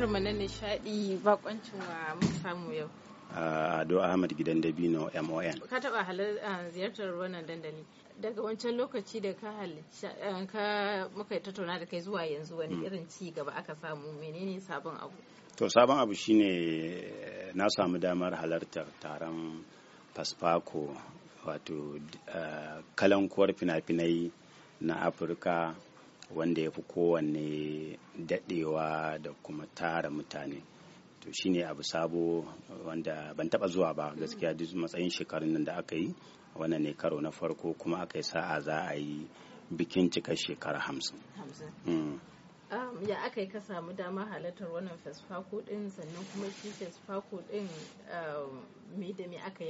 shirinmu na nishaɗi bakoncin wa muka samu yau. Ado Ahmad gidan Dabino MON. Ka taɓa ah, ziyartar wannan dandali. Daga wancan lokaci da ka ah, ka muka tattauna da kai zuwa yanzu wani mm. irin ci gaba aka samu menene sabon abu? To sabon abu shine eh, na samu damar halartar taron Fasfako wato ah, kalankuwar fina-finai na Afirka wanda ya fi kowanne daɗewa da kuma tara mutane to shine abu sabo wanda ban taɓa zuwa ba gaskiya duk matsayin shekarun nan da aka yi wannan ne karo na farko kuma aka yi sa'a za a yi bikin cikar shekara hamsin mm. Um, ya aka yi ka samu dama halartar wannan fesfako din sannan kuma shi fesfako din um, me da me aka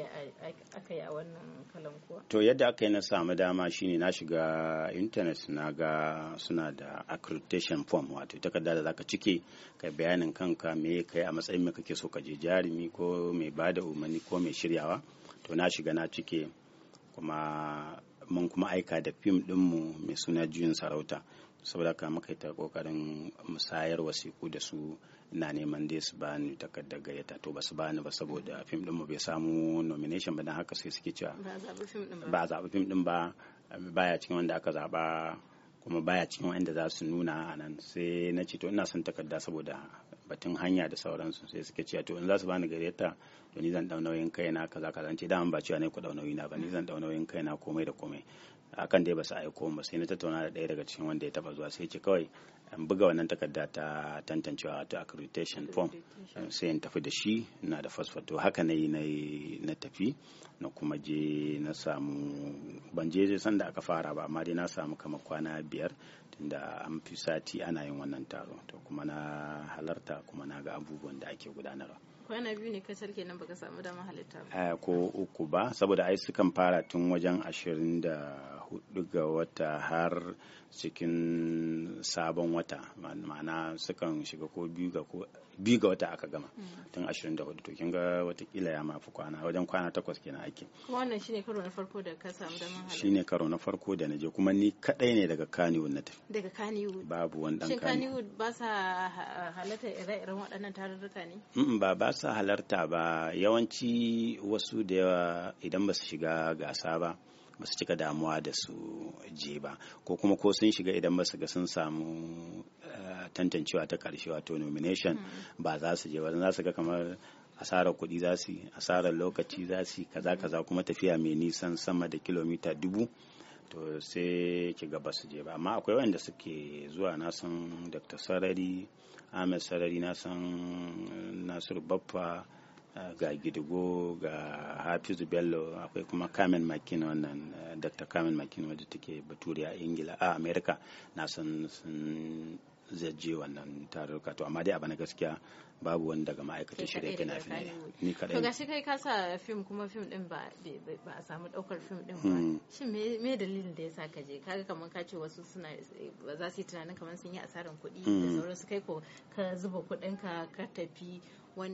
yi a wannan kalan kuwa to yadda aka yi na samu dama shine na shiga intanet na ga suna da accreditation form wato takarda da zaka cike ka bayanin kanka me kai a matsayin me kake so ka je jarumi ko mai bada umarni ko mai shiryawa to na shiga na cike kuma mun kuma aika da fim dinmu mai suna juyin sarauta saboda ka muka yi ta kokarin musayar wasiku da su na neman dai su bani takardar gayyata to ba su bani ba saboda fim dinmu bai samu nomination ba don haka sai suke cewa ba a zaɓi fim din ba baya cikin wanda aka zaɓa kuma baya cikin wanda za su nuna a nan sai na ce to ina son takarda saboda batun hanya da sauransu sai suka ce to in za su bani gareta to ni zan dau nauyin kaina kaza kaza ce da ba cewa ne ku dau nauyi ba ni zan dau nauyin kaina komai da komai a kan dai ba su aiko ba sai na tattauna da ɗaya daga cikin wanda ya taba zuwa sai ce kawai an buga wannan takarda ta tantancewa wato accreditation form sai in tafi da shi na da fasfato to haka na yi na tafi na kuma je na samu ban je sanda aka fara ba amma dai na samu kama kwana biyar tunda an fi sati ana yin wannan taro to kuma na halarta kuma na ga abubuwan da ake gudanarwa kwana biyu ne kacal kenan baka samu dama halitta ba eh, ko uku ba saboda ai sukan fara tun wajen ashirin da hudu ga wata har cikin sabon wata ma'ana sukan shiga ko biyu ga ko wata aka gama tun ashirin da hudu kin ga watakila ya mafi kwana wajen kwana takwas kenan ake kuma wannan shine karo na farko da ka samu daman halarta shine karo na farko da naje kuma ni kadai ne daga kaniwood na tafi daga kaniwood babu wani dan shin ba sa halatta ire-iren waɗannan tarurruka ne ba ba sa halarta ba yawanci wasu da yawa idan ba su shiga gasa ba ba su cika damuwa da su je ba ko kuma ko sun shiga idan ba su ga sun samu eh, tantancewa ta karshe wato nomination hmm. ba za su je ba za su ga kamar asarar kuɗi za su yi asarar lokaci za su yi kaza kaza kuma tafiya mai nisan sama da kilomita dubu to sai ki ga su je ba amma akwai wanda suke zuwa na san dr sarari ahmed sarari na san eh, nasiru baffa eh, ga gidigo ga hafizu bello akwai kuma kamen makina wannan eh, dr kamen makina wadda take baturiya a ingila a america na san zai je wannan tarurruka to amma dai a bana gaskiya babu wani daga ma'aikatar shirya fina ne ni kadai to gashi kai kasa fim kuma fim din ba a samu ɗaukar fim din ba hmm. shin me dalilin da yasa ka je kaga kamar ka ce wasu suna ba za su yi tunanin kamar sun yi asarar kuɗi da hmm. su kai ko ka zuba kuɗin ka ka tafi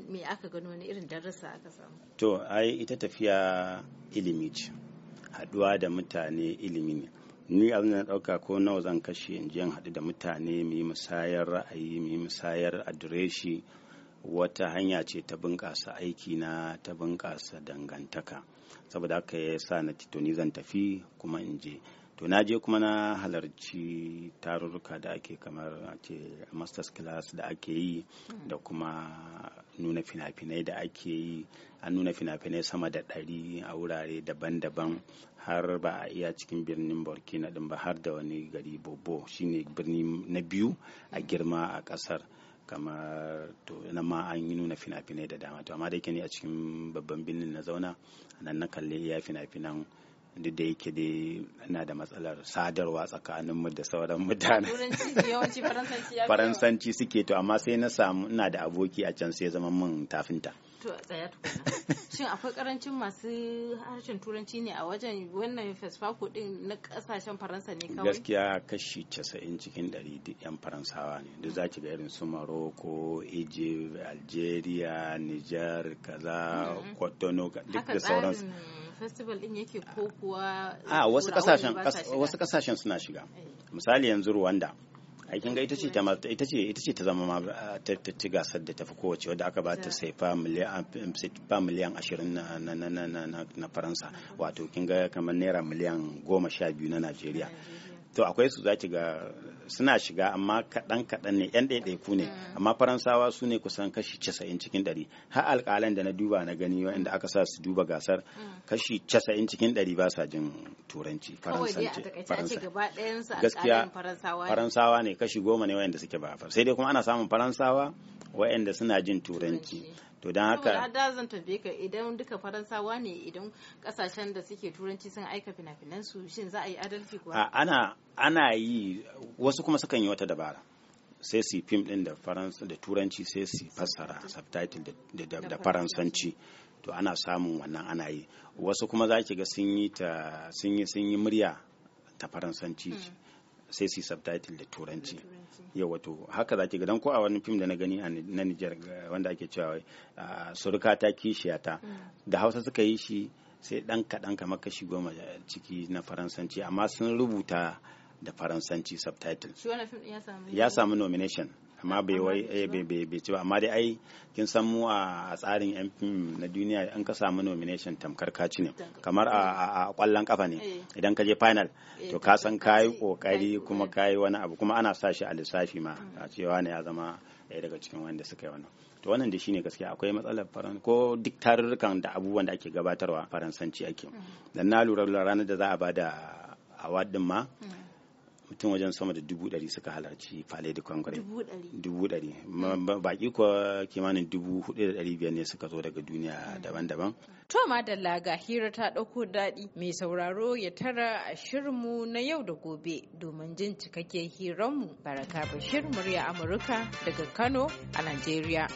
me aka gano wani irin darasa aka samu to ai ita tafiya ilimi ce haɗuwa da mutane ilimi ne ni abin da na ɗauka ko nawa zan kashe in je haɗu da mutane mu musayar ra'ayi mu musayar adireshi wata hanya ce ta bunƙasa aiki na ta bunƙasa dangantaka saboda haka ya sa na titoni zan tafi kuma in je to na je kuma na halarci tarurruka da ake kamar a ce masters class da ake yi hmm. da kuma nuna fina-finai da ake yi an nuna fina-finai sama da ɗari a wurare daban-daban har ba a iya cikin birnin burkina din ba har da wani gari bobo shine birni na biyu a hmm. girma a ƙasar kamar to na ma an yi nuna fina-finai da dama to amma da ke ni a cikin babban birnin na zauna nan na kalli iya fina-finan duk da yake dai ina da matsalar sadarwa tsakanin mu da sauran mutane faransanci suke to amma sai na samu ina da aboki a can sai zama min tafinta to tsaya tukuna shin akwai karancin masu harshen turanci ne a wajen wannan fesfako din na kasashen faransa ne kawai gaskiya kashi casa'in cikin ɗari duk yan faransawa ne duk zaki ga irin su maroko Egypt Algeria Niger kaza mm-hmm. Cotonou duk da sauransu festival din yake ko kuwa a ah, wasu kasashen wasu kasashen suna shiga eh. misali yanzu Rwanda aikin ga ita ce ta ita ce ita ce ta zama ma ah, ta ta gasar da tafi kowace wanda aka ba ta sai fa miliyan ah, fa miliyan 20 na na na na na Faransa wato kin ga kamar naira miliyan 12 na Najeriya to akwai su zaki ga suna shiga amma kaɗan kaɗan ne yan ɗaiɗaiku ne mm. amma faransawa su ne kusan kashi casa'in cikin ɗari har alƙalan da na duba na gani wanda aka sa su duba gasar mm. kashi casa'in cikin ɗari ba sa jin turanci faransanci gaskiya faransawa ne kashi goma ne wayanda suke ba sai dai kuma ana samun faransawa waɗanda suna jin turanci to don haka da zan tafi ka idan duka faransawa ne idan kasashen da suke turanci sun aika fina-finan su shin za a yi adalci kuwa ana ana yi wasu kuma sukan yi wata dabara sai su fim din da faransa da turanci sai su fassara subtitle da faransanci to ana samun wannan ana yi wasu kuma za ki ga sun yi ta sun yi sun yi murya ta faransanci hmm. sai su subtitle da turanci yau wato haka za ki dan ko a wani fim da na gani na Nijar eh, wanda ake cewa eh, suruka ta kishiyata mm. da Hausa suka yi shi sai dan kaɗan kamar kashi goma eh, ciki na Faransanci amma sun rubuta da Faransanci subtitle ya samu nomination amma bai wai eh, bai ci ba amma dai ai kin san mu a tsarin yan na duniya an ka samu nomination tamkar ka ci ne kamar a kwallon kafa ne eh. idan ka je final eh, to ka san kai kokari kuma kai wani abu kuma ana sa shi a lissafi ma mm. a cewa ne ya zama ɗaya daga cikin wanda suka yi wannan to wannan da shine gaskiya akwai matsalar faran ko duk tarurrukan da abubuwan da ake gabatarwa faransanci ake mm. dan na lura ranar da za a bada award din ma mm. mutum wajen sama da dubu ɗari suka halarci falai da kwangare dubu ɗari baƙi kuwa kimanin dubu hudu da ɗari biyar ne suka zo daga duniya hmm. daban-daban to madalla ga hira ta ɗauko daɗi mai sauraro ya tara a shirmu na yau da gobe domin jin cikakken hiranmu baraka bashir murya amurka daga kano a najeriya